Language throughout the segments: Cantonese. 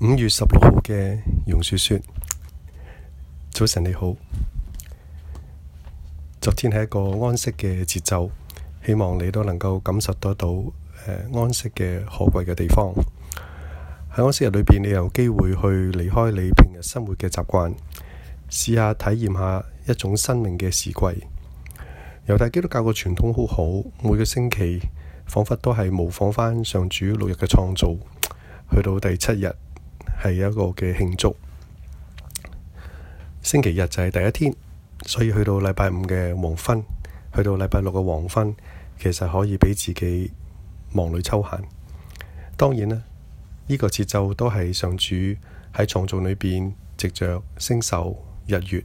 五月十六號嘅容雪雪，早晨你好。昨天係一個安息嘅節奏，希望你都能夠感受得到、呃、安息嘅可貴嘅地方喺安息日裏邊，你有機會去離開你平日生活嘅習慣，試下體驗一下一種生命嘅時季。猶太基督教嘅傳統好好，每個星期仿佛都係模仿返上主六日嘅創造，去到第七日。係一個嘅慶祝，星期日就係第一天，所以去到禮拜五嘅黃昏，去到禮拜六嘅黃昏，其實可以俾自己忙裏抽閒。當然啦，呢個節奏都係上主喺創造裏邊藉着星宿、日月，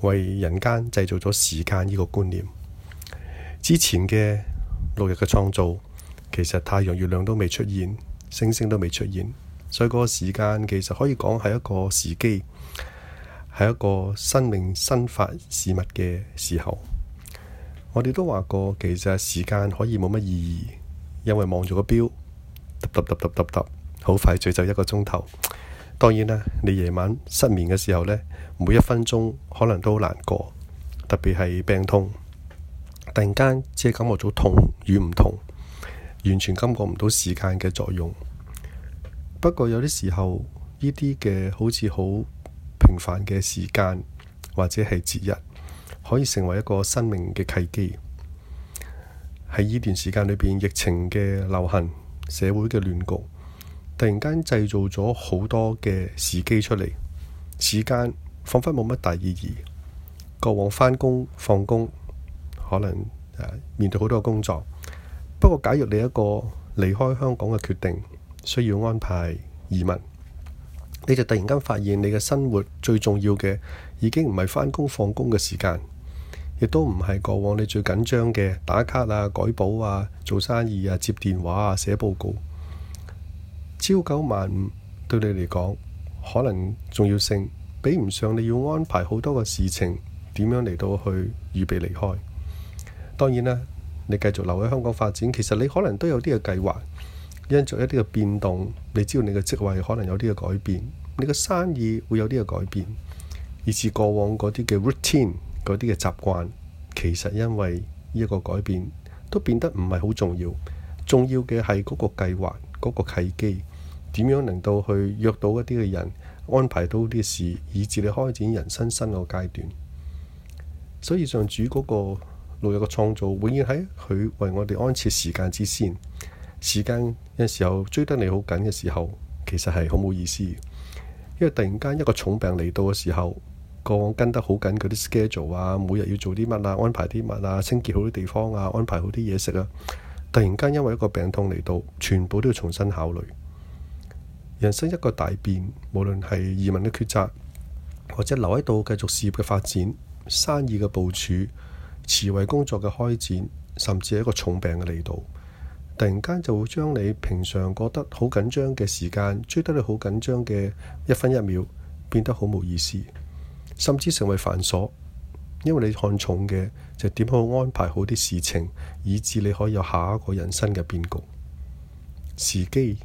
為人間製造咗時間呢個觀念。之前嘅六日嘅創造，其實太陽、月亮都未出現，星星都未出現。所以嗰個時間其實可以講係一個時機，係一個生命新發事物嘅時候。我哋都話過，其實時間可以冇乜意義，因為望住個表，嗒嗒嗒嗒，好快聚集一個鐘頭。當然啦，你夜晚失眠嘅時候呢，每一分鐘可能都好難過，特別係病痛。突然間只係感覺到痛與唔同，完全感覺唔到時間嘅作用。不過有啲時候，呢啲嘅好似好平凡嘅時間或者係節日，可以成為一個生命嘅契機。喺呢段時間裏邊，疫情嘅流行、社會嘅亂局，突然間製造咗好多嘅時機出嚟。時間仿佛冇乜大意義。過往返工、放工，可能面對好多工作。不過，假如你一個離開香港嘅決定，需要安排移民，你就突然間發現你嘅生活最重要嘅已經唔係返工放工嘅時間，亦都唔係過往你最緊張嘅打卡啊、改保啊、做生意啊、接電話啊、寫報告。朝九晚五對你嚟講，可能重要性比唔上你要安排好多嘅事情，點樣嚟到去預備離開。當然啦，你繼續留喺香港發展，其實你可能都有啲嘅計劃。因着一啲嘅變動，你知道你嘅職位可能有啲嘅改變，你嘅生意會有啲嘅改變，以至過往嗰啲嘅 routine、嗰啲嘅習慣，其實因為呢一個改變都變得唔係好重要。重要嘅係嗰個計劃、嗰、嗰個契機點樣能夠去約到一啲嘅人，安排到啲事，以至你開展人生新嘅階段。所以上主嗰個老友嘅創造，永遠喺佢為我哋安設時間之先。時間有時候追得你好緊嘅時候，其實係好冇意思。因為突然間一個重病嚟到嘅時候，過往跟得好緊嗰啲 schedule 啊，每日要做啲乜啊，安排啲乜啊，清潔好啲地方啊，安排好啲嘢食啊，突然間因為一個病痛嚟到，全部都要重新考慮。人生一個大變，無論係移民嘅抉擇，或者留喺度繼續事業嘅發展、生意嘅部署、慈惠工作嘅開展，甚至係一個重病嘅嚟到。突然間就會將你平常覺得好緊張嘅時間，追得你好緊張嘅一分一秒，變得好冇意思，甚至成為繁瑣。因為你看重嘅就點好安排好啲事情，以至你可以有下一個人生嘅變局。時機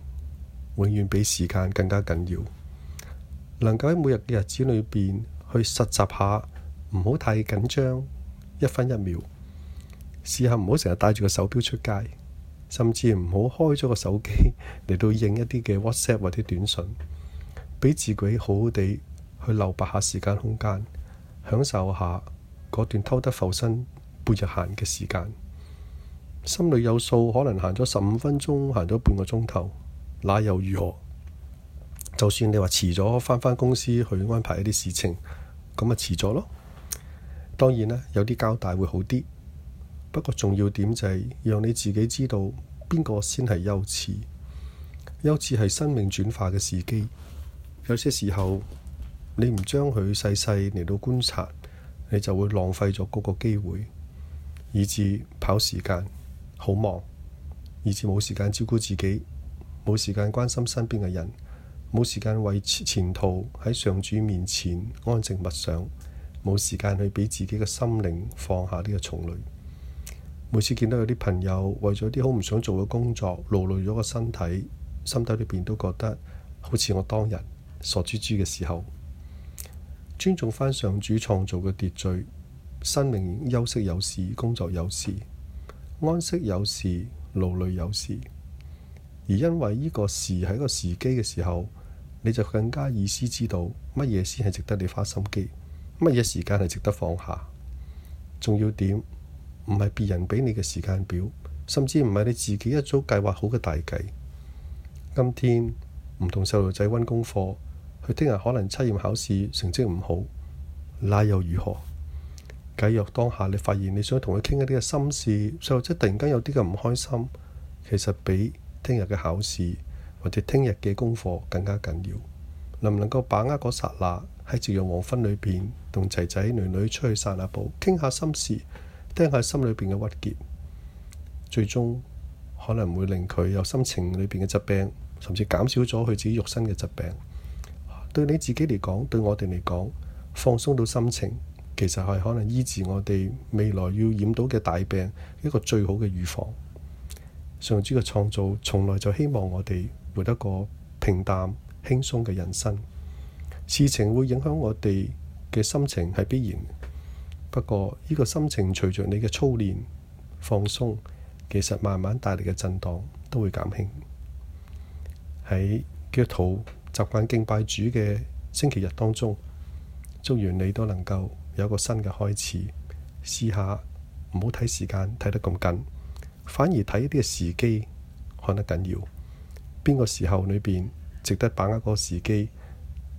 永遠比時間更加緊要。能夠喺每日嘅日子裏邊去實習下，唔好太緊張一分一秒。試下唔好成日戴住個手錶出街。甚至唔好開咗個手機嚟到應一啲嘅 WhatsApp 或者短信，俾自己好好地去留白下時間空間，享受下嗰段偷得浮生半日閒嘅時間。心裏有數，可能行咗十五分鐘，行咗半個鐘頭，那又如何？就算你話遲咗翻返公司去安排一啲事情，咁咪遲咗咯。當然啦，有啲交代會好啲。不過重要點就係讓你自己知道邊個先係優次，優次係生命轉化嘅時機。有些時候你唔將佢細細嚟到觀察，你就會浪費咗嗰個機會，以致跑時間好忙，以致冇時間照顧自己，冇時間關心身邊嘅人，冇時間為前途喺上主面前安靜默想，冇時間去俾自己嘅心靈放下呢個重累。每次見到有啲朋友為咗啲好唔想做嘅工作勞累咗個身體，心底裏邊都覺得好似我當日傻豬豬嘅時候。尊重返上主創造嘅秩序，生命休息有時，工作有時，安息有時，勞累有時。而因為呢個時係個時機嘅時候，你就更加意思知道乜嘢先係值得你花心機，乜嘢時間係值得放下。重要點。唔係別人俾你嘅時間表，甚至唔係你自己一早計劃好嘅大計。今天唔同細路仔温功課，佢聽日可能測驗考試成績唔好，那又如何？假若當下你發現你想同佢傾一啲嘅心事，細路仔突然間有啲嘅唔開心，其實比聽日嘅考試或者聽日嘅功課更加緊要。能唔能夠把握嗰剎那喺夕陽黃昏裏邊同仔仔女女出去散下步，傾下心事？聽下心裏邊嘅鬱結，最終可能會令佢有心情裏邊嘅疾病，甚至減少咗佢自己肉身嘅疾病。對你自己嚟講，對我哋嚟講，放鬆到心情，其實係可能醫治我哋未來要染到嘅大病，一個最好嘅預防。上主嘅創造從來就希望我哋活得個平淡輕鬆嘅人生。事情會影響我哋嘅心情係必然。不過，呢個心情隨着你嘅操練放鬆，其實慢慢帶嚟嘅震盪都會減輕。喺腳肚習慣敬拜主嘅星期日當中，祝願你都能夠有一個新嘅開始。試下唔好睇時間睇得咁緊，反而睇一啲嘅時機看得緊要。邊個時候裏邊值得把握個時機，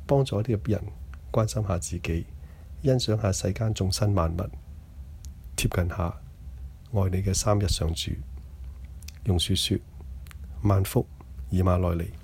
幫助一啲人關心下自己。欣賞下世間眾生萬物，貼近下愛你嘅三一上主，用雪雪萬福以馬內利。